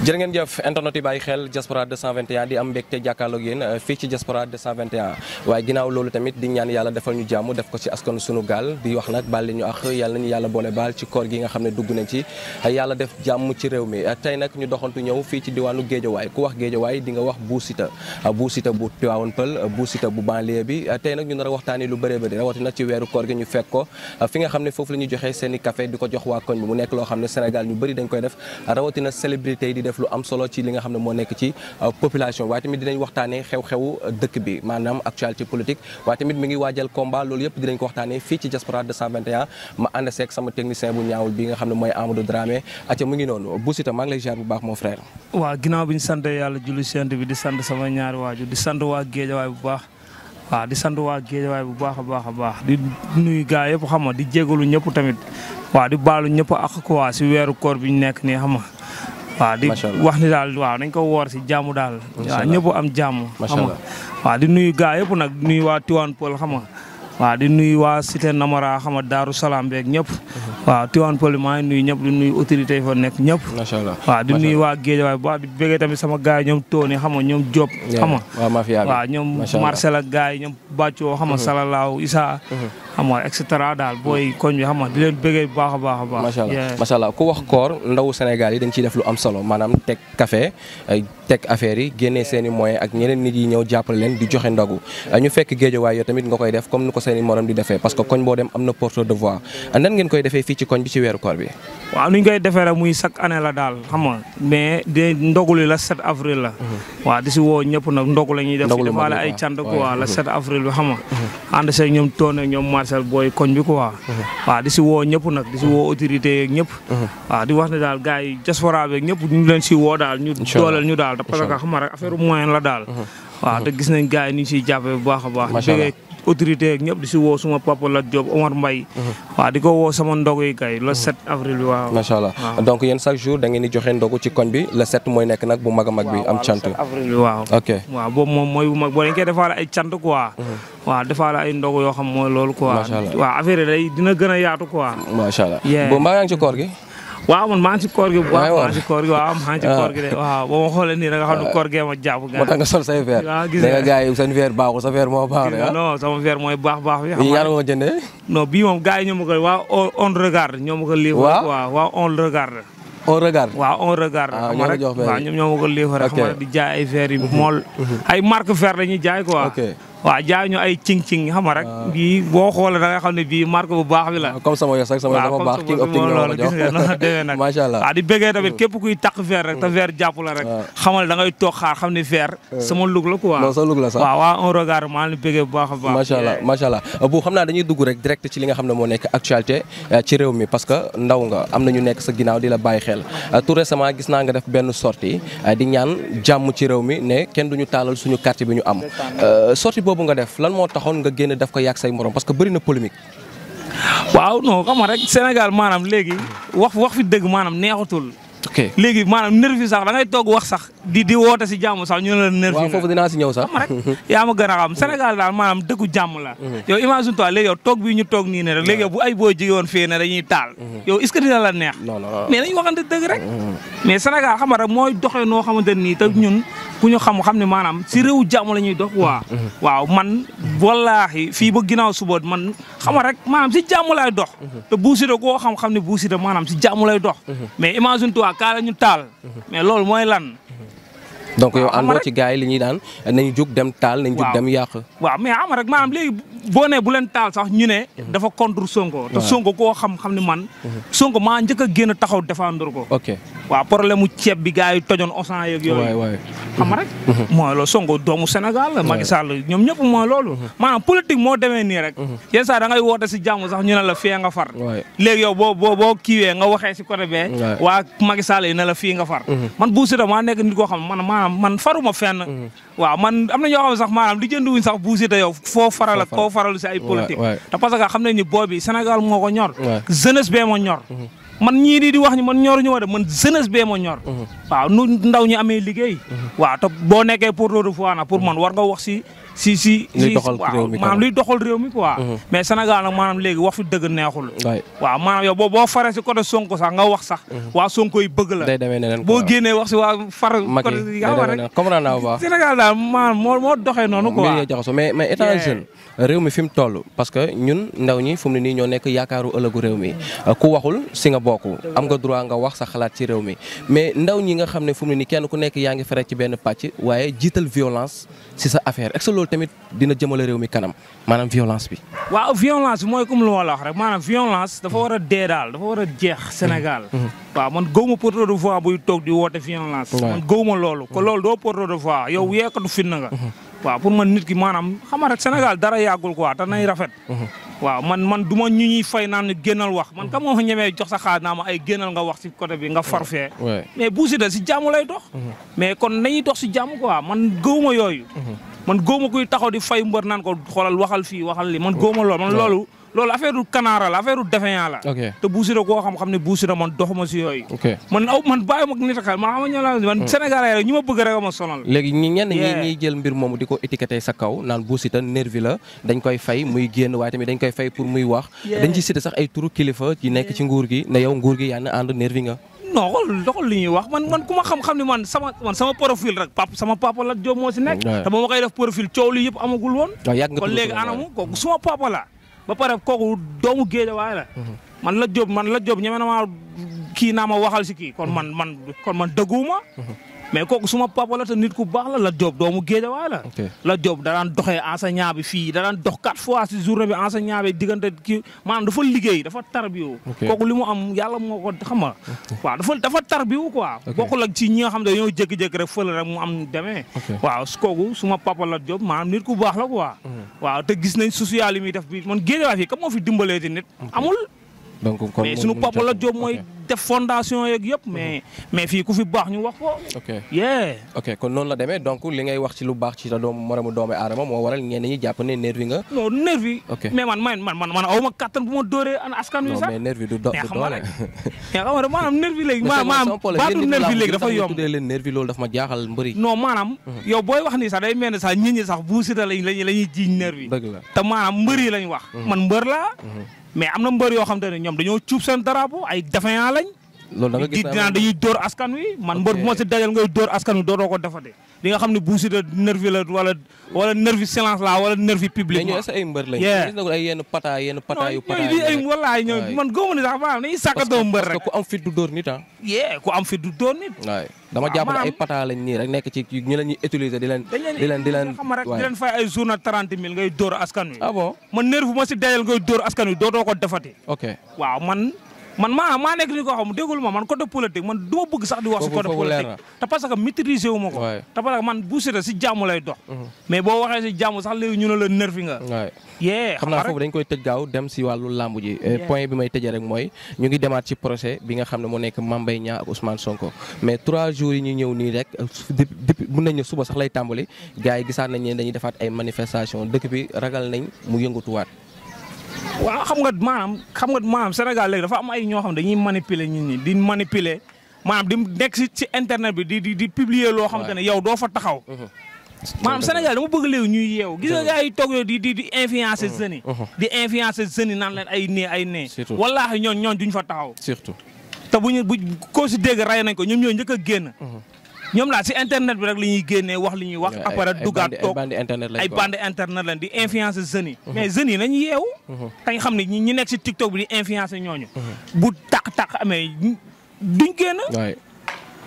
jërë ngeen jëf internet yi bàyyi xel diaspora 221 di am mbégte jàkkaarloog yéen euh, fii ci diaspora 221 waaye ginnaaw loolu tamit di ñaan yàlla defal ñu jàmm def ko ci askan sunu gaal di wax nag baal ñu ak yàlla nañu yàlla boole baal ci koor gi nga xam ne dugg nañ ci yàlla def jàmm ci réew mi euh, tey nag ñu doxantu ñëw fii ci diwaanu géejawaay ku wax géejawaay di nga wax Bou Siteu euh, bu Tivaouane Peulh Bou bu banlieue bi tey nag ñu nar a waxtaani lu bëree bëri rawatina ci weeru koor gi ñu fekk ko fi nga xam ne foofu la ko jox waa koñ bi mu loo xam ne Sénégal ñu bëri dañ koy def def lu am solo ci li nga xam ne moo nekk ci euh, population waaye tamit dinañ waxtaanee xew-xewu dëkk bi maanaam actualité politique waaye tamit mi ngi waajal combat loolu yëpp bu ñaawul bi nga xam ne mooy di sant sama ñaari waajur di sant waa Géejawaay bu baax waaw di a a baax di nuyu gaa yëpp xam di jégalu ñëpp tamit waaw di baalu ñëpp ak quoi si weeru koor bi ñu nekk nii xam waaw di wax ni daal waa nañ ko woor si jàmm daal. waaw ñëpp am jàmm. xam nga waaw di nuyu gaa yëpp nag nuyu waa Tivaouane Peulh xam nga. waaw di nuyu waa Cité Namara xama Daaru Salaam beeg ñëpp. waaw Tivaouane Peulh maa ngi nuyu ñëpp di nuyu autorités yi fa nekk ñëpp. macha allah waaw di nuyu waa Guédiawaye bu baax di bëggee tamit sama gars yi ñoom Tony xam nga ñoom Diop. xam nga waaw mafia bi waaw ñoom Marcel ak Salalaaw Issa. xam nga mm-hmm. mm-hmm. daal booy mm-hmm. koñ bi xam nga di leen bëggee bu baax a baax a baax. macha allah macha allah ku wax koor ndawu Sénégal yi dañ ciy def lu am solo maanaam teg café teg affaire yi génne seen i moyens ak ñeneen nit yi ñëw jàppale leen di joxe ndogu ñu fekk seen i morom di defee parce que koñ boo dem am na porteur de voix nan ngeen koy defee fii ci koñ bi ci weeru koor bi. waaw ni ñu koy defee rek muy chaque année la daal xam nga mhm. ñëpp nag ñu dooleel ñu daal parce que xam rek affaire moyen la daal. Mhm. waaw te mhm. gis nañ gars yi ñu jàppee baax a baax. autorité ak ñëpp di si woo suma papa Lat Diop Omar Mbaye mhm. waaw di ko woo sama ndogu yi kay le 7 avril bi waaw macha allah donc yéen chaque jour da ngeen di joxe ndogu ci koñ bi le 7 mooy nekk nag bu mag a mag bi am cant avril bi waaw ok waaw boobu moom mooy bu boo dañ ay cant quoi mhm. waaw defaale ay ndogu yoo xam mooy loolu ko waa affaire dina gën a yaatu quoi macha allah boobu mbaa yaa ngi ci koor gi waaw man maa ngi si koor gi bu baax maa ngi si koor gi waaw maa ngi si koor gi de ah. waaw boo ma xoolee nii da nga xam ne ah. koor gee ma jàpp moo tax nga sol say verre waaw ah, gis nga gars yi seen verre baaxul sa verre moo baax non sama verre mooy baax baax bi ñaar nga ko jëndee non bii moom gars yi ñoo ma ko waaw on regarde ñoo ma ko lii waaw waaw on regarde on regarde waaw on regarde xam rek waaw ñoom ñoo ma ko lii rek xam di jaay ay verre yi mhm. mool mhm. ay marque verre la ñuy jaay quoi waaw jaay ñu ay cing-cing xam nga rek. bii boo xoolee da nga xam ne bii marque bu baax bi la. comme sama yos rek sama yos dafa mm. képp kuy takk verre rek te verre mm. jàpp la rek. xamal da ngay toog xaar xam ne verre. Mm. sama lug la quoi non sa la sax. waaw waaw un regard maa ngi bëggee bu baax a baax. macha allah macha bu xam naa dañuy dugg rek direct ci li nga xam ne moo nekk actualité euh, ci réew mi parce que ndaw nga am na ñu nekk sa ginnaaw di la bàyyi xel euh, tout récemment gis naa nga def benn sortie euh, di ñaan jàmm ci réew mi ne kenn duñu taalal suñu quartier bi ñu am boobu nga def lan moo taxoon nga génn def ko yàgg say morom parce que bëri na polémique. waaw non xam rek Sénégal maanaam léegi wax wax fi dëgg maanaam neexatul. léegi maanaam nervi sax da ngay wax sax di woote si jàmm sax ñu ne la nervi. sax yaa ma gën a xam Sénégal daal maanaam dëkku jàmm la. Mhm. yow imagine a léegi yow toog bi ñu toog nii ne rek léegi yow bu ay boo jigéen fii ne dañuy taal. Mhm. yow est dina la neex. non non mais dañu waxante dëgg rek. Mhm. mais Sénégal xam nga rek mooy doxee noo xamante ku ñu xam xam ne maanaam si réew jàmm la ñuy dox waa mm-hmm. Mm-hmm. waaw man wallaahi fii ba ginnaaw suba man xama rek maanaam si jàmm lay dox mm-hmm. te buusita koo xam-xam ne buusita maanaam si jàmm lay dox mais imagine toi kaa la ñu taal mais loolu mooy lan donc yow àndoo ci gars yi li ñuy daan nañu jug dem taal nañu jug dem yàq waaw mais ama rek maanaam léegi boo nee bu leen taal sax ñu ne dafa contre Sonko te Sonko koo xam xam ne man mhm. Sonko maa njëkk a génn taxaw défendre ko ok waaw problème mu ceeb bi gars yi tojoon osan yeeg yooyu xam rek mhm. mooy loolu Sonko doomu Sénégal la Macky Sall ñoom ñëpp mooy loolu mhm. maanaam politique moo demee nii rek yenn saa da ngay woote si jàmm sax ñu ne la fee nga far léegi yow boo boo boo kiiwee nga waxee si côté bee waa Macky Sall yi ne la fii nga far man faruma fenn mhm. waaw man am na ñoo xam ne sax maanaam di jënduwuñ sax buusi te yow foo faral ak koo faralu si ay politique te parce xam nañ ni boo bi Sénégal moo ko ñor jeunesse bee moo ñor mhm. man ñii di wax ni man ñoruñu ma de man jeunesse bee ma ñor. Mhm. waaw nu ndaw ñi amee liggéey. Mhm. waaw te boo nekkee pour loolu fu na pour man war nga wax si si si. luy doxal réew mi maanaam luy doxal réew mi quoi. mais Sénégal nag maanaam léegi wax fi dëgg neexul. waaw maanaam yow boo boo faree si côté Sonko sax nga wax sax. waa Sonko yi bëgg la. boo génnee daal maa moo moo doxee noonu quoi mbir jaxasoo mais mais réew mi fi mu toll parce que ñun ndaw ñi fu mu ne nii ñoo nekk yaakaaru ëllëgu réew mi euh, ku waxul si nga bokk am nga droit nga wax sa xalaat ci réew mi mais ndaw ñi nga xam ne fu ni kenn ku nekk yaa ngi fere ci benn pàcc waaye jiital violence si sa affaire est-ce que loolu tamit dina jëmale réew mi kanam maanaam violence bi. waaw violence bi mooy comme lu ma la wax rek maanaam violence dafa war a dee daal dafa war a jeex Sénégal. Mhm. Mhm. waaw man gëw ma porte de voix buy toog di woote violence. man gëw ma loolu. ko mhm. loolu doo porte de voix yow yeekatu fitna nga. waaw pour man nit ki maanaam xam rek Sénégal dara yàggul quoi te nay rafet. waaw man man du ma ñu ñuy fay naan génnal wax man kam moo fa ñemee jox sa xaar naa ma ay génnal nga wax si côté bi nga farfee mm-hmm. mais Bou de si jàmm lay dox mm-hmm. mais kon nañuy dox si jàmm quoi man gëwuma yooyu mm-hmm. man gëwuma kuy taxaw di fay mbër naan ko xoolal waxal fii waxal li man gëwuma loolu man loolu loolu affaire du kanaara la affaire du defeñaa la. te buusira koo xam xam ne buusira man doxuma si yooyu. man aw man bàyyi ma nit a xel man xamuñu man mm. Sénégalais rek ñu ma bëgg rek ma léegi ñi ñenn ñi jël mbir moomu di ko étiqueté sa kaw naan buusita nervi la dañ koy fay muy génn waaye tamit dañ koy fay pour muy wax. dañ ci cité sax ay turu kilifa ci nekk ci nguur gi ne yow nguur gi yaa na ànd nervi nga. non xool doxul li ñuy wax man man ku xam-xam ni man sama man sama profil rek pap sama papa la Diop moo si nekk. te ba ma koy def profil coow li yëpp amagul woon. Ah, kon léegi anamu kooku suma papa la ba pare kooku doomu géejawaay la. Mhm. man la Diop man la Diop ñeme na maa kii naa ma waxal si kii. kon man man kon man dëgguwuma. Mhm. mais kooku suma papa la te nit ku baax la la Diop doomu Géejawaay la. ok Lat Diop da daan doxee enseignant bi fii da daan dox quatre fois si journée bi enseignant bi diggante kii maanaam dafa liggéey dafa tarbiyoo. kooku li mu am yàlla moo ko xam nga. waaw dafa dafa tarbiwu quoi. ok bokkul ak ci ñi nga xam ne dañoo jékki-jékki rek fële rek mu am deme waaw kooku suma papa Lat Diop maa nit ku baax la quoi. Mm-hmm. waaw te gis nañ social yi muy def bi man Géejawaay fii kam moo fi dimbalee nit. amul donc kon mais sunu papa Lat Diop mooy. def fondation yeeg yëpp mais mhm. mais fii ku fi baax ñu wax ko. ok yeah. ok kon noonu la demee donc li ngay wax ci lu baax ci sa doom moromu doomu aadama moo waral ñenn ñi jàpp ne nervi nga. non nervi. man man man man aw ma kattan bu ma dóoree an askan wi sax. non mais nervi du do du doole. mais xam nga maanaam nervi léegi. maanaam baatu nervi léegi dafa yomb tuddee leen nervi loolu dafa ma jaaxal mbëri. non maanaam. Mhm. yow booy wax nii sax day mel ni sax nit ñi sax buusita lañ lañ lañuy jiiñ nervi. dëgg la te maanaam mbëri lañ wax. Mhm. man mbër laa. mais am na mbër yoo xam te ne ñoom dañoo cuub seen drapeau ay défaillant lañ loolu da nga gis naa dañuy dóor askan wi man mbër bu ma si dajal ngay dóor askan wi dootoo ko defate di nga xam ne Bou Siteu nervi la wala wala nervi silence la wala nervi public mais ñoo ay mbër lañu gis na ko ay yenn pata yenn pata yu pata yi ay wallaay ah. nekk ci ñi la ñuy di leen di leen di leen xam rek di leen ay journée trente mille ngay dóor askan ah nervi bu ma si dajal ngay dóor askan wi dootoo ko defate ok waaw man man maa maa nekk ni ko xam déggul ma man côté politique man du ma bëgg sax di wax si côté politique te parce que maîtriser wu ko te parce que man bu sita si jàmm lay dox mhm. mais boo waxee si jàmm sax léegi ñu ne la nervi nga yee xam naa foofu dañ koy tëj gaaw dem si wàllu làmb ji eh, point bi may tëjee rek mooy ñu ngi demaat ci procès bi nga xam ne moo nekk Mame Mbaye Niang ak Ousmane Sonko mais trois jours yi ñu ñëw nii rek euh, depuis mun nañ ne suba sax lay tàmbali gars yi gisaat nañ ne dañuy defaat ay manifestation dëkk bi ragal nañ mu yëngatuwaat waaw xam nga maanaam xam nga maanaam Sénégal léegi dafa am ay ñoo xam dañuy manipuler ñu ñi di manipuler maanaam di nekk si ci internet bi di di di publier loo xam te ne yow doo fa taxaw. Mm-hmm. maanaam Sénégal dama bëgg léegi ñuy yeew gis nga mm-hmm. gars yi toog di di di influencer mm-hmm. jeunes yi di influencer jeunes yi naan leen ay nee ay nee wallaahi ñoon ñoon duñ fa taxaw surtout te bu ñu bu koo si dégg rey nañ ko ñoom ñoo njëkk a génn ñoom laa si internet bi rek li ñuy génnee wax li ñuy wax. après dugaat toog ay bande internet lañ di mm-hmm. influencer jeunes yi. Mm-hmm. mais jeunes yi yeewu. Mm-hmm. kañ xam ne ñi nekk si TikTok bi di influencer ñooñu. bu taq-taq amee duñ génn.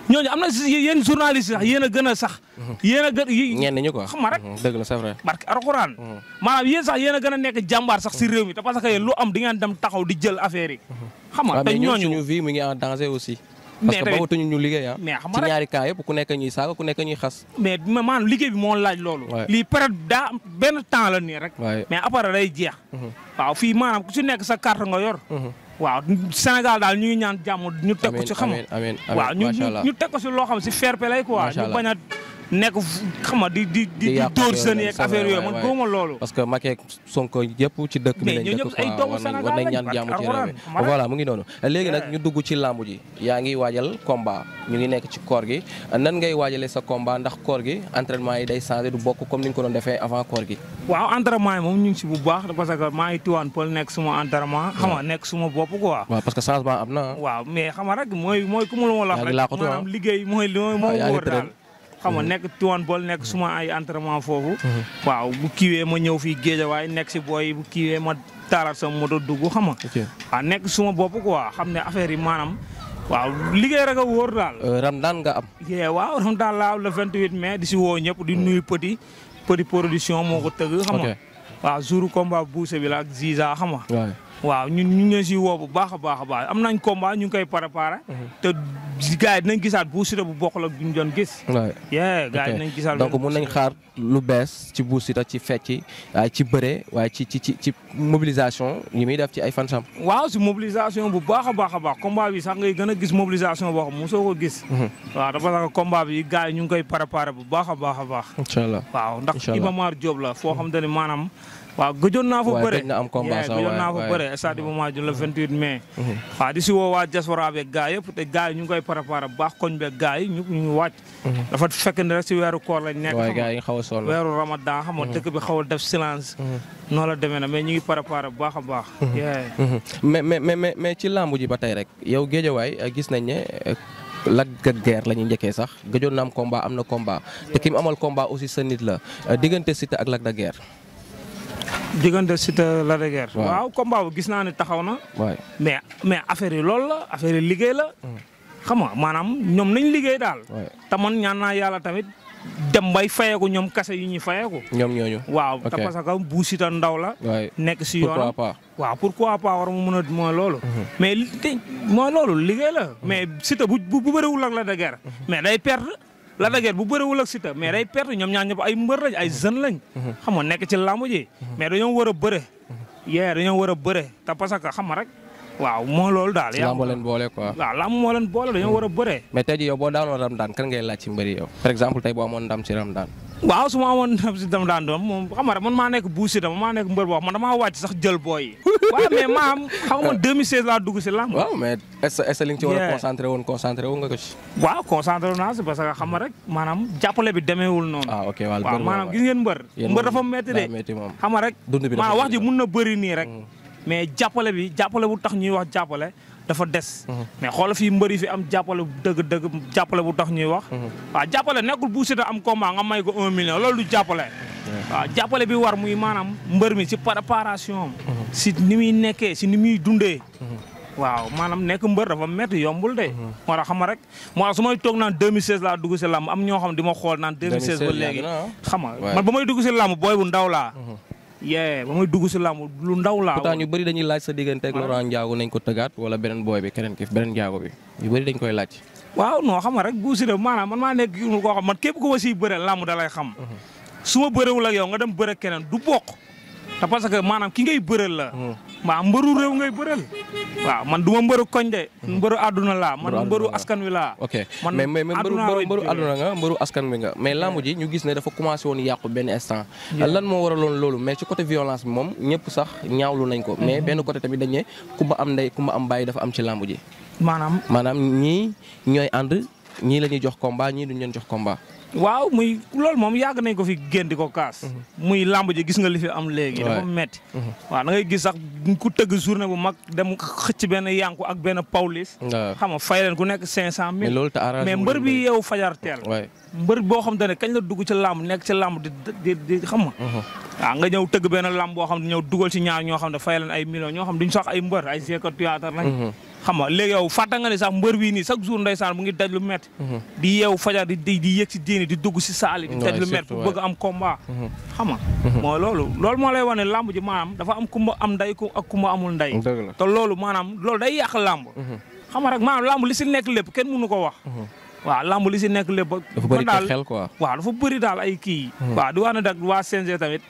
ñooñu am na yéen journaliste sax yéen a gën a sax. yéen a gën ñenn ñu quoi xam ma rek. dëgg la c'est vrai. barke alxuraan. maanaam yéen sax yéen a gën nekk jàmbaar sax si réew mi te parce que lu am di ngeen dem taxaw di jël affaire yi. xam nga te ñooñu suñu vie mu ngi en aussi. mais parce que bëggatuñu ñu liggéey ah. mais xam nga rek ci ñaari cas yëpp ku nekk ñuy saaga ku nekk ñuy xas. mais maanaam liggéey bi moo laaj loolu. lii peut être daa benn temps la nii rek. mais après day jeex. Mhm. waaw fii maanaam ku ci nekk sa carte nga yor. Mhm. waaw Sénégal daal ñuy ñaan jàmm ñu teg si ci xam. amiin amiin amiin waaw ñu ñu teg ko ci loo xam ci fair play ñu bañ a nekk xam nga di di di dóor seen yeeg affaire yooyu man góoma loolu parce que ma Sonko yëpp ci dëkk bi lañ dëkk war nañ ñaan jàmm ci mu ngi noonu léegi nag ñu dugg ci làmb ji yaa ngi waajal combat ñu ngi nekk ci koor gi nan ngay waajalee sa combat ndax gi entraînement yi day bokk comme ni ko doon defee avant koor gi waaw entraînement baax parce maa ngi tiwaan pël nekk suma entraînement xam nekk suma bopp quoi waaw parce que changement am na waaw mais xam rek mooy mooy ku mu la wax rek liggéey mooy li mooy moo wóor daal xam nga mhm. nekk tuwaan bool nekk mhm. suma ay entraînement foofu. Mhm. waaw bu kiiwee ma ñëw fii waaye nekk si booy bu kiiwee ma taaraat sama moto dugg xam nga. waaw nekk suma bopp quoi xam ne affaire yi maanaam. waaw liggéey rek a wóor daal. Euh, Ramadan nga am. waaw Ramadan laa le 28 mais di si woo ñëpp di nuyu petit petit production moo ko tëgg. xam nga waaw jour combat bouse bi la ak Ziza xam nga. waaw ñun ñu bu baax a baax a am nañ combat ñu ngi koy préparé. Mhm. te gars yi dinañ gisaat Bou Siteu bu bokkul ak bu ñu doon gis. waaw yee gars yi dinañ gisaat donc mun nañ xaar lu bees ci Bou Siteu ci fecc ci bëre waaye ci ci ci ci mobilisation yi muy def ci ay fansam. waaw si mobilisation bu baax a baax a baax combat bi sax ngay gën a gis mobilisation boo xam mosoo ko gis. Mhm. waaw dafa sax combat bi gars ñu ngi koy préparé bu baax a baax a baax. incha la foo xam te ne waaw gëjoon naa fa bëre waaw nga am combat sax gëjoon naa fa bëre stade bu maa jun le 28 mai. Mhm. waaw di si woo waa diaspora yëpp te gaa ñu ngi koy préparé baax koñ beeg gaa yi ñu ngi wàcc. Mhm. dafa fekk ne rek si weeru koor lañ nekk. waaw xaw a sol weeru ramadan xam nga mhm. dëkk bi xaw a def silence. noonu la demee na mais ñu ngi préparé bu baax a baax. mais mais mais mais ci làmb ji ba tey rek yow géejawaay euh, gis nañ ne. Euh, Lac de Guiers la ñuy njëkkee sax gëjoon na am combat am na combat te ki amal combat aussi sa nit la euh, diggante Siteu ak Lac de Guiers diggante Siteu Lac de Guiers. waaw gis naa ne taxaw na. mais mais affaire yi loolu la affaire yi liggéey la. Mm. xam nga maanaam ñoom nañ liggéey daal. te man ñaan naa yàlla tamit dem bay fayeeku ñoom kase yu ñuy fayeeku. ñoom ñooñu waaw te parce que bu Siteu ndaw la. nekk si yoonam pourquoi pas. waaw pourquoi pas war mu mën a mooy loolu. Mm-hmm. mais li mooy loolu liggéey la. mais mm-hmm. Siteu bu bu bëriwul ak Lac mm-hmm. mais day perdre. Lac de Guiers bu bëriwul ak Siteu mais day perte ñoom ñaar ñëpp ay mbër lañ ay jeune lañ. xam nekk ci làmb ji. mais dañoo war a bëre. yee dañoo war a bëre te parce que xam rek. waaw moo loolu daal. yaa moo leen boole quoi. waaw lamb moo leen boole dañoo war a bëre. mais tey jii yow boo daanoo Ramadane kan ngay laaj ci mbëri yow. par exemple tey boo amoon ndam ci Ramadane waaw su ma amoon dama daan doon moom xam nga man maa nekk Bou Siteu man maa nekk mbër boo xam man damaa wàcc sax jël booy yi. waaw mais maa am xam nga man laa dugg si làmb. waaw mais est-ce est-ce li nga ci war a nga ko ci. waaw concentré wu naa parce que xam nga rek maanaam jàppale bi demeewul noonu. ah ok waaw waaw gis ngeen mbër. mbër dafa métti de xam rek. dund bi dafa wax ji mun na bëri nii rek. Mm. mais jàppale bi jàppale bu tax ñuy wax jàppale dafa des. Mhm. mais xoolal fii mbëri fi am jàppale dëgg dëgg jàppale bu tax ñuy wax. Mhm. waaw jàppale nekkul bu Siteu am combat nga may ko un million loolu du jàppale. waaw jàppale bi war muy maanaam mbër mi si préparation am. Mhm. si ni muy nekkee si ni muy dundee. waaw maanaam nekk mbër dafa métti yombul de. moo tax xam nga rek moo tax su may toog naan 2016 la dugg si làmb am ñoo xam di ma xool naan. 2016 ba léegi ah. xam nga man ba may dugg si làmb booy bu ndaw laa. yee ba muy dugg si làmb lu ndaw laa. pourtant ñu bëri dañuy laaj sa diggante ak Laurent Ndiago nañ ko tëggaat wala beneen booy bi keneen ki beneen Ndiago bi ñu bëri dañ koy laaj. waaw non xam ma rek bu si de maanaam man maa nekk ko xam man képp ko ma siy bëre làmb dalay xam. Mhm. su ma bërewul ak yow nga dem bëre keneen du bokk parce que maanaam ki ngay bëral la. waaw hmm. mbëru réew ngay bëral. Hmm. waaw man du ma mbëru koñ de. Hmm. mbëru àdduna laa man mbëru askan wi laa. ok mais mais mbëru mbëru àdduna nga mbëru askan wi nga mais làmb ji ñu gis ne dafa commencé woon yàqu benn instant. lan moo waraloon loolu mais ci côté violence bi moom ñëpp sax ñaawlu nañ ko. mais benn côté tamit dañ ne kumba am ndey kumba am bàyyi dafa am ci làmb ji. maanaam maanaam ñii ñooy ànd ñii la ñuy jox combat ñii duñ jox combat. waaw muy loolu moom yàgg nañ ko fi génn di ko kaas. Mhm. muy làmb ji gis nga li fi am léegi. dafa metti mhm. waaw da ngay gis sax ko tëgg journée bu mag dem xëcc benn yànku ak benn paulis. xam nga fay leen ku nekk 500000. mais loolu te mais mbër bi yeewu fajar teel. mbër boo xam te ne kañ la dugg ci làmb nekk ci làmb di di di xam nga. Mhm. waaw nga ñëw tëgg benn làmb boo xam ne ñëw dugal ci ñaar ñoo xam ne fay leen ay millions ñoo xam duñ sax ay mbër ay seekat théâtre lañ. xam nga léegi yow fàtta nga ne sax mbër bii nii chaque jour ndeysaan mu ngi daj lu métti mhm. di yeew fajar di di yëg si diini di dugg si saali di daj lu métti pour bëgg am combat mhm. xam nga mhm. loolu loolu moo lay wax ne làmb ji maanaam dafa am kumba am nday ku ak kumba amul nday te loolu maanaam loolu day yàq làmb xam nga rek maanaam lamb li si nekk lépp kenn mun mënu ko wax waa lamb li si nekk lépp ba. dafa bëri xel quoi waaw dafa bëri daal ay kii. waa di wax ne nag waa CNG tamit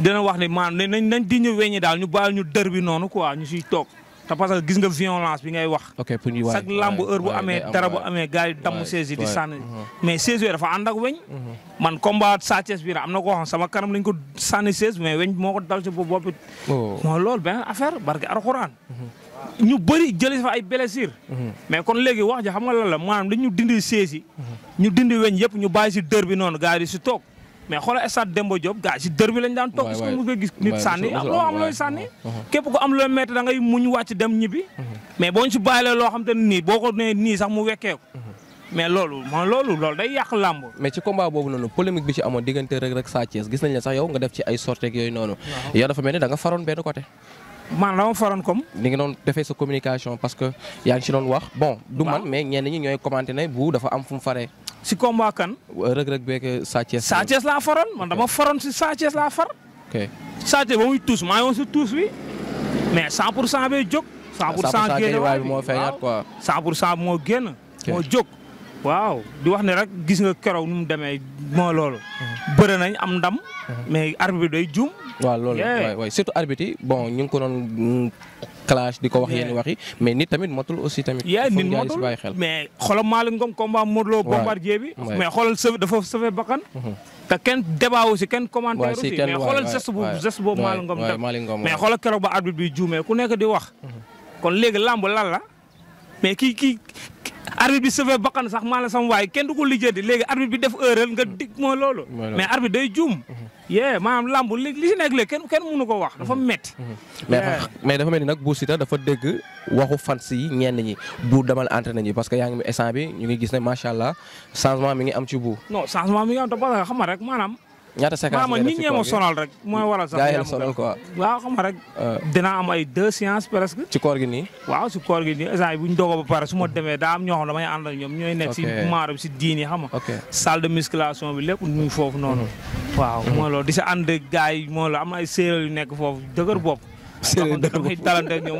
dina wax ne maanaam nañ nañ di ñu weññi daal ñu baal ñu dër bi noonu quoi ñu siy toog. te parce gis nga violence bi ngay wax. ok pour heure bu amee dara bu amee gars yi damm saisi di sànni. Mhm. mais saisi yooyu dafa ànd ak weñ. Mhm. man combat Sa Thiès bi am na ko xam sama karam lañ ko sànni saisi mais weñ moo ko dal ci bopp bi. moo oh. loolu benn affaire barke Alxuraan. Mhm. ñu bëri jëlee fa ay blessure mais kon léegi wax ja xam nga lan la maanaam ñu dindi saisi. ñu dindi weñ yëpp ñu bàyyi si dër bi noonu gars yi si toog. mais xoolal stade Demba Diop gars si dër bi lañ daan toog parce mu nga gis nit sànni am loo am looy sànni mhm. boo ñu si loo xam ne nii boo ko nee nii sax mu wekkee mhm. mais loolu man loolu loolu day yàq làmb mais ci combat boobu noonu polémique bi ci amoon diggante Reug Reug Sa Thiès gis nañ sax yow nga def ci ay sorties ak yooyu noonu yow dafa mel ni da nga faroon benn côté man dama faroon comme ni nga doon defee sa communication parce que yaa ngi si doon wax bon du man mais ñenn ñi ñooy commenté ne bu dafa am fu mu faree si combat kan. rëg-rëg beeg Sa Thiès. Sa Thiès laa faroon man dama faroon si Sa laa far. ok Sa Thiès ba muy tuus maa ngi woon si tuus bi mais 100 pour cent bee jóg. 100 bi moo feeñaat quoi. 100 pour cent moo génn. moo jóg. waaw di wax ne rek gis nga keroow nu mu demee moo loolu. Mhm. bëre nañ am ndam. Mhm. mais arbitre bi juum. waaw loolu la waay surtout arbitre yi bon ñu ngi ko doon mm, clash di ko wax yenn wax yi mais nit tamit motul aussi tamit. yaa nit motul mais xoolal Malick Ngom combat Modou Lo mais xoolal dafa safee bakkan. Mhm. te kenn débat aussi kenn commentaire aussi mais xoolal keroog ba arbitre bi juumee ku nekk di wax. Mhm. kon léegi làmb lan mais kii kii. arbitre bi sëfee bakkan sax maa la sama waay kenn du ko lijjanti léegi arbitre bi def erreur nga dig mooy loolu. mais arbitre day juum. Mhm. yee maanaam lamb li li si nekk léegi kenn kenn mënu ko wax dafa mhm. met mhm. mais mais dafa mel ni nag Bou Siteu dafa dégg waxu fan si ñenn ñi bu demal entraîné ñi parce que yaa ngi instant bi ñu ngi gis ne macha allah changement mi ngi am ci bu. non changement mi ngi am te parce que xam nga rek maanaam. ñaata séquence maama nit ñee ma sonal rek mooy waral sax gaa yi sonal quoi waaw xam nga rek euh. dinaa am ay deux séances presque ci koor gi nii waaw si koor gi nii instant yi ñu dogoo ba pare su ma mm-hmm. demee daa am ñoo damay ànd ñoom ñooy nekk si maaro bi si diini xam nga salle de musculation bi lépp ñu foofu noonu mm-hmm. waaw mm-hmm. mooy loolu di si ànd gaa mooy loolu am ay séeréer yu nekk foofu dëgër bopp séeréer dëgër bopp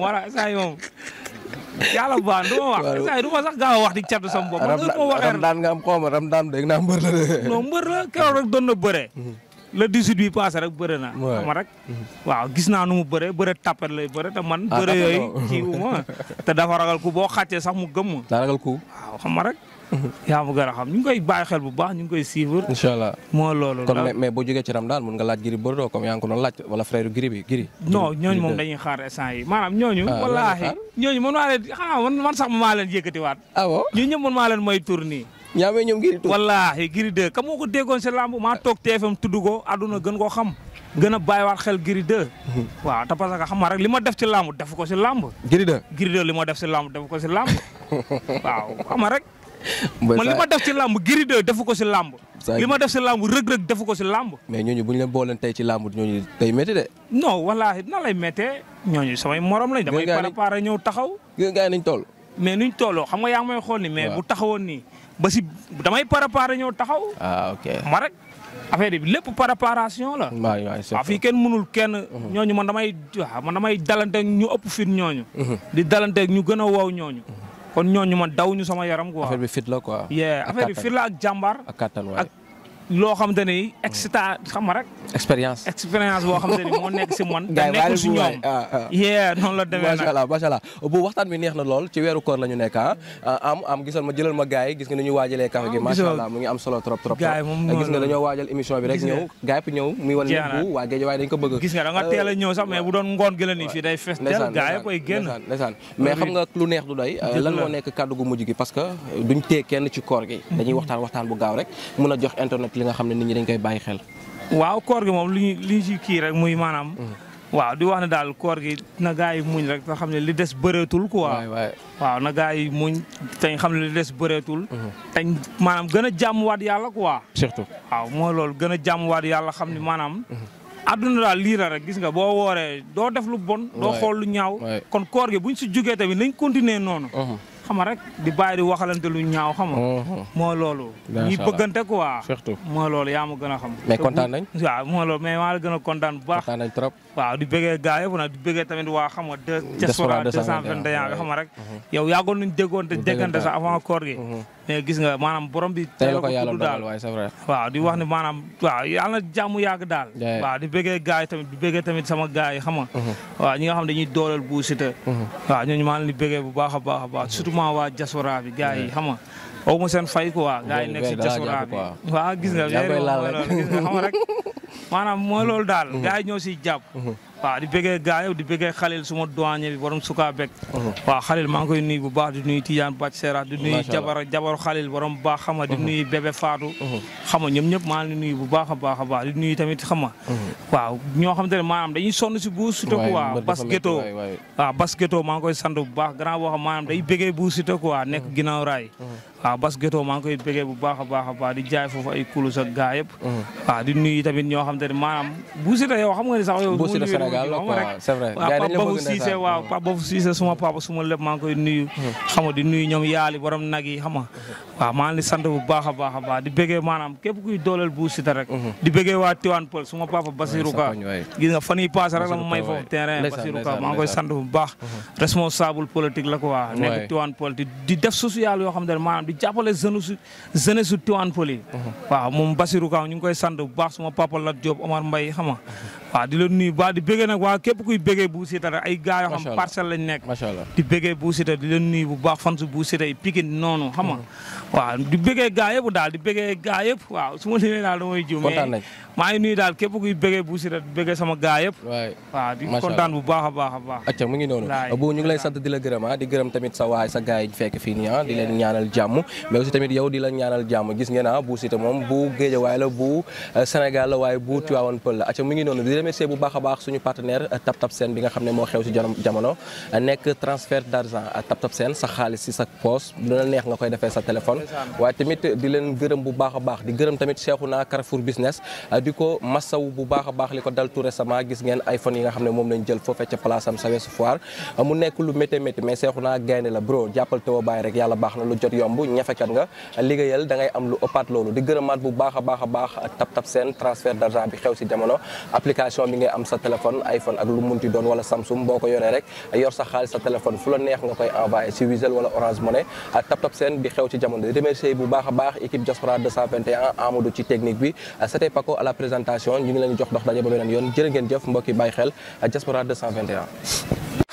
wara instant yi moom yàlla bu baax du ma wax saa du ma sax gaaw a wax di catu sama bopp. ram daan nga am xaw ram daan dégg naa mbër la de. non mbër la keroog rek doon bëre. Mhm. le 18 bi passé rek bëre na. waaw rek. Mhm. waaw gis naa nu mu bëree bëre tapet lay bëre te man. Ah, bëre yooyu ci ma te dafa ragal ku boo xàccee sax mu gëmm. daa ragal ku waaw xam rek. yaa ma gën a xam ñu koy baay xel bu baax ñu ngi koy suivre. incha allah moo loolu. kon mais mais boo jógee ci Ramadan mun nga laaj Gris Bordeaux comme yaa ngi ko doon laaj wala frère Gris bi Gris. non ñooñu moom dañuy xaar instant yi maanaam ñooñu. Ah, wallaahi ñooñu man maa leen xanaa man sax maa leen yëkkatiwaat. ah waaw ñun maa leen may tour nii. ñaamee ñoom Gris tur. wallaahi Gris 2 ka moo ko déggoon si làmb maa toog TFM tudd ko àdduna gën koo xam. gën a bàyyiwaat xel giri 2. Mhm. waaw te parce que xam nga rek li ma def ci làmb def ko si làmb. Gris li ma def si làmb def ko si làmb. waaw xam nga man li ma def ci làmb Gris defu ko si làmb. li ma def si làmb rëg-rëg defu ko si làmb. mais ñooñu bu ñu leen booleen tey ci làmb ñooñu tey métti de. non wallaahi na lay méttee ñooñu samay moroom lañ. damay préparé ñëw taxaw. gën gaa nañ toll. mais nuñ tolloo xam nga yaa ngi may xool ni mais bu taxawoon nii ba si damay préparé ñëw taxaw. ah ma rek affaire bi lépp préparation la. waaw fii kenn mënul kenn. Mhm. ñooñu man damay waaw man damay dalante ñu ëpp fit ñooñu. Mhm. di dalante ñu gën a wow ñooñu mhm. kon ñooñu man daw ñu sama yaram quoi. affaire bi fit la quoi. affaire bi fit ak jàmbaar. ak ak loo xamante ni. exta xam nga rek. expérience expérience boo xamante ni moo nekk si man. gars yi si ñoom yee ah, ah. noonu la demee na lool ci weeru koor la ñu nekk ah. ah am am gisal ma jëlal ñu waajalee kafe gi. am solo ñëw. waa géej waaye dañ ko bëgg. gis a ñëw sax mais bu doon ngoon gi la nii fii day fees del gars koy génn lu neex du lan moo nekk kàddu gu mujj gi parce que duñ tee kenn ci koor gi mm-hmm. dañuy waxtaan waxtaan bu gaaw rek mën a jox internet li nga xam ne ni ñi dañ koy bàyyi xel. waaw koor gi moom li ñu ci kii rek muy maanaam. Mm-hmm. waaw di wax ne daal koor gi na gaa yi muñ rek te xam ne li des bëreetul quoi. waaw na yi muñ te xam ne li des bëreetul. Mm-hmm. te maanaam gën a jàmmuwaat yàlla quoi. surtout waaw moo loolu gën a jàmmuwaat yàlla xam ni maanaam. Mm-hmm. àdduna daal lii la rek gis nga boo wooree doo def lu bon. doo xool lu ñaaw. kon koor gi buñ si jógee tamit nañ continuer noonu. xama rek di bàyyi di waxalante lu ñaaw xama oh, oh. moo loolu ñuy bëggante quoi moo loolu yaa ma gën a xam mais kontaan nañ waaw moo loolu mais maa gën a kontaan bu baax kontaan nañ trop waaw di bëggee gars yëpp nag di bëggee tamit waa xama deux Diaspora deux cent vingt et un bi xama rek mm-hmm. yow yaagoon nañ déggoon te sax avant koor gi mm-hmm. mais eh, gis nga maanaam borom bi. tey la ko yàlla dogal waaye c'est vrai waaw di wax ne maanaam waaw yàlla na jàmm yàgg daal. waaw di bëggee gars yi tamit di bëggee tamit sama gars yi xam nga. Mm-hmm. waaw ñi nga xam dañuy dooleel Bou Siteu. Mm-hmm. waaw ñooñu maa ngi leen bu baax a baax a baax mm-hmm. surtout maa waa diaspora bi gars yi xam ma seen fay quoi gars yi nekk si diaspora bi waaw gis nga. yaa ngi koy laal rek gis nga xam nga rek maanaam mooy loolu daal. gars yi ñoo siy jàpp. waaw di bëggee gaañu di bëggee xalil suma doyen bi borom sukaa beg uh-huh. waaw xalil maa ngi koy nuyu bu baax di nuyu Tidiane Bàcc Seera di nuyu jabar jabaru xalil borom baax xama di uh-huh. nuyu bébé Faatu uh-huh. xama ñoom ñëpp maa ngi nuyu bu baax a baax a baax di nuyu tamit xama waaw ñoo xam te ne maanaam dañuy sonn si buus surtout quoi basketo waaw basketo maa ngi koy sant bu baax grand boo xam maanaam day bëggee buus surtout quoi nekk ginnaaw raay waaw basketo maa ngi koy bëggee bu baax a baax a baax di jaay foofu ay kulus ak gaa yëpp waaw di nuyu tamit ñoo xam te ne maanaam buus surtout yow xam nga ni sax yow Sénégal la quoi c'est vrai waaw Pape Babou Cissé waaw Pape Babou Cissé suma papa suma lépp maa ngi koy nuyu xam nga di nuyu ñoom yaali borom nag yi xam nga waaw maa ngi leen sant bu baax a baax a baax di bëggee maanaam képp kuy dooleel Bou rek mhm. di bëggee waa Tiwaan Pël suma papa Basirou Ka gis nga fan yi rek la mu may foofu terrain Basirou Ka maa ngi koy sant bu baax mhm. responsable politique la quoi nekk Tiwaan Pël di def social yoo xam ne maanaam di jàppale jeunesse jeunesse Tiwaan Pël yi mhm. waaw moom Basirou Ka ñu ngi koy sant bu baax waaw di la nuyu baax di bëggee nag waa képp kuy bëggee Bou Siteu rek ay gars yoo xam parcelle lañ nekk. macha di bëggee Bou Siteu di la nuyu bu baax fan su Bou Siteu yi Pikine noonu xam waaw di bëggee gaa yëpp daal di bëggee gaa yëpp waaw su ma limee daal damay juum kontaan nañ maa ngi nuyu daal képp kuy bëggee Bou Siteu bëggee sama gaa yëpp waaw di kontaan bu baax a baax a baax acca mu ngi noonu bu ñu ngi lay sant di la gërëm ah di gërëm tamit sa waay sa gaa yi fekk fii nii ah di leen ñaanal jàmm mais si tamit yow di la ñaanal jàmm gis ngeen ah Bou Siteu moom bu Géejawaay la bu euh, Sénégal la waaye bu Tivaouane Peulh la acca mu ngi noonu di remercier bu baax a baax suñu partenaire euh, Tap Tap Sen bi nga xam ne moo xew si jamono euh, nekk transfert d'argent Tap Tap Sen sa xaalis si sa poche neex nga koy defee sa téléphone lool waaye tamit di leen gërëm bu baax a baax di gërëm tamit Cheikhouna Carrefour Business ah, di ko masaw bu baax a baax li ko dal tout récemment gis nga am sa weesu foire ah, mu nekk lu métti métti mais Cheikhouna gaynde la ah, a a sa téléphone iPhone ak lu munti doon wala Samsung boo ko yoree rek yor sa xaalis sa téléphone fu la neex nga koy envoyé si Wizall wala Orange Money tap tap seen bi xew ci jamono remercier bu baax a baax équipe diaspora 221 Amadou ci technique bi c'était Paco à la présentation ñu jox dox daje ba yoon jërë ngeen jëf mbokki bàyyi xel diaspora 221